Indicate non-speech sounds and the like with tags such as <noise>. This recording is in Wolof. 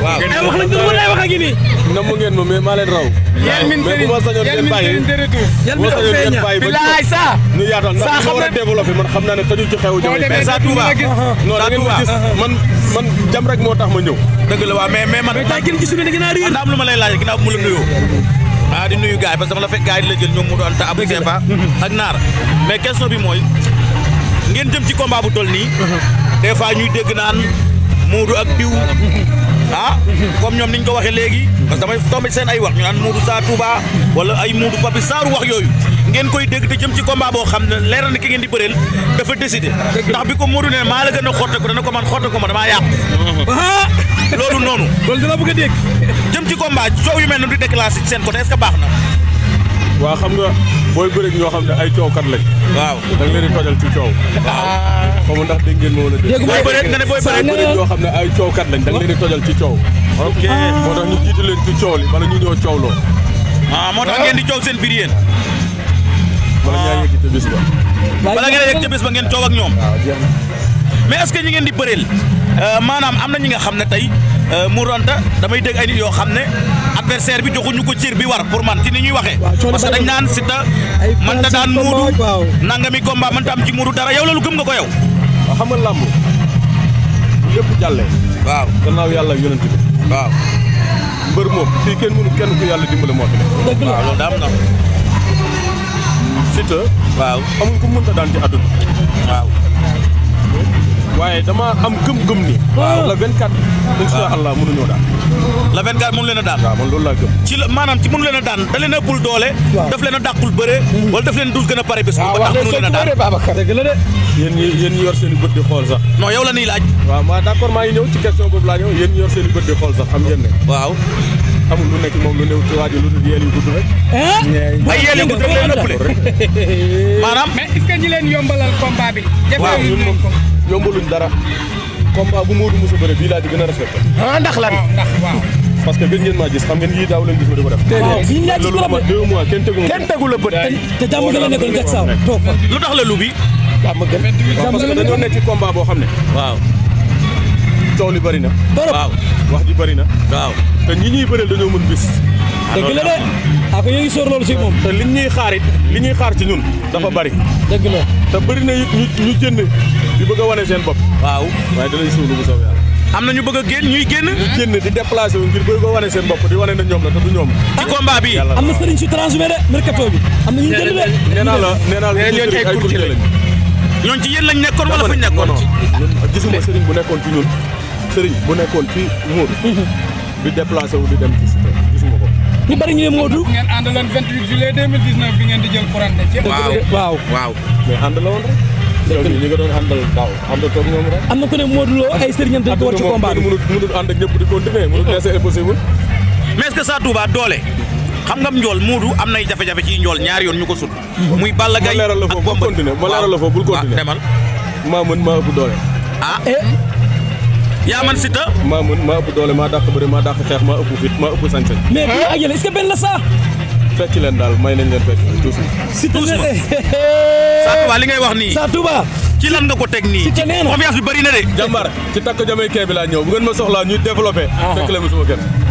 waaw ay wax la ñu mën lay wax ak nii. na mu ngeen ma mais maa leen raw. yéen min sëriñ yéen min sëriñ de retour. saa. ñu yaatal ndax li war a développé man xam naa ne tëju ci xewu jamono. mais saa tuuba non da ngeen gis man jam rek moo tax ma ñëw. dëgg la waaw mais mais man. mais daa gën gis ne da ngeen a riir. am lu ma lay laaj ginnaaw mu la nuyoo. ah di nuyu gars yi parce que la fekk gars yi di mu doon ta abu ak naar mais question bi mooy ngeen jëm ci combat bu toll nii fois ñuy dégg naan Modou ak diw ah comme ñoom niñ ko waxe léegi parce que damay tombé seen ay wax ñu naan Moodu Sa Touba wala ay Moodu Papi Saaru wax yooyu ngeen koy dégg te jëm ci combat boo xam ne leer na ki ngeen di bëreel dafa décidé ndax bi ko Moodu ne maa la gën a xotte ko dana ko man xotte ko ma damaa yàqu ah! loolu noonu loolu dina bëgg a dégg jëm ci combat coow yu mel noonu di déclassé ci seen côté est-ce baax na waaw xam nga booy bëreeg ñoo xam ne ay coowkat lañ. waaw da nga leen di tojal ci coow. waaw <laughs> xaw ndax dégg ngeen wala dégg. dégg booy nga ne booy bëreeg ñoo xam ne lañ da nga leen di tojal ci ok tax ñu leen ci li bala ñu ah moo tax ngeen di coow seen biir yéen. bala ngaa yegg ca bis ba. bala ngeen bis ba ngeen ak mais est-ce que ñi ngeen di bëreel euh, maanaam am na ñi nga xam ne Euh, Mourante damay deg ay nit yo xamne adversaire bi joxuñu ko ciir bi war pour man ci ni ñuy waxe parce que dañ naan Siteu man da daan mudu nangami combat man tam ci mudu dara yow lolu gëm nga ko yow. waaw xam nga làmb lépp jàllee. waaw gannaaw yalla yonent bi. waaw mbeur moom fi kenn mënu kenn ko yalla dimbalé mo fi waaw loolu daam na. sita waaw amul ku ta daan ci aduna waaw. waaye dama am gëm-gëm ni. waaw la 24. incha allah mënuñoo daal. la 24 mënu leen a daan. waaw ci la maanaam daan da leen a doole. daf leen a bëre. Hmm. wala daf leen dul gën a bés. waaw wax dëgg soog bëre Babacar dëgg la de. yéen waaw ma d'accord maa ngi ñëw ci question boobu laa ñëw yéen ñi yor waaw. ay yéel yu gudd rek leen ëppale <laughs> maanaam. mais est-ce que ñi leen bi. waaw ñun moom yombaluñ dara combat bu Modou Moussa bëre bii laa ci gën a respecté. ah ndax lan ndax waaw. parce que gën ngeen maa gis xam ngeen yii daaw leen gis ma di ko def. waaw fii laa gis problème deux mois kenn tegu ma kenn tegu la bët. te jàmm nga la nekkoon gàtt saaw toog fa. lu tax la lu bi. jàmm gën parce que dañoo nekk ci combat boo xam ne waaw coow li bëri na. waaw wax ji bëri na. waaw te ñi ñuy bëreel dañoo mën bis. dëgg la de ak ñu ngi sóor loolu si moom. te ñuy xaar li ñuy xaar ci ñun. dafa bari dëgg la te bëri na ñu ñu jënd di bëgg a seen bopp. waaw waaye danañ suulu bu am na ñu bëgg a génn génn. ñu di déplacé wu ngir bëgg ko wane seen bopp di wane na ñoom la te du ñoom. ci combat bi am na sëriñ si transhumé de mercato bi. am na ñu jënd de nee naa la nee naa la ay courtier lañ ñooñu ci yéen lañ nekkoon wala fu ñu nekkoon. gisuma sëriñ bu nekkoon ci ñun. sëriñ bu nekkoon fii Mourou. du déplacé wu di dem ci Cité gisuma ko. ñu bari ñu ne Modou. ngeen àndaloon 28 juillet 2019 bi ngeen di jël Korante ci. waaw waaw. ñi nga doon àndal daaw àndatoog ñoom rek. am na ko war ci combat bi. mënul mënul ànd ak ñëpp mais est-ce que doole. xam nga njool Moodu am nay jafe-jafe ci njool ñaari yoon ñu ko sut muy Balla Gaye ak Bomba ma leeral la foofu bul continuer ma leeral la foofu bul continuer demal maa mën maa ëpp doole ah eh? Ya man Siteu maa mën maa ëpp doole maa dàq bëri maa dàq xeex maa ëpp fit maa ëpp sañ-sañ mais bii Saya yéen est-ce que saya, la sax fecc leen daal may nañ leen fecc tuus ma Siteu Sa Touba li ngay wax nii Sa Touba ci lan nga ko teg nii Siteu nee confiance bi bëri na de jàmbaar ci takk jamay kee bi laa ñëw bu ngeen ma soxlaa ñuy développé ah. fekk leen ma suma kenn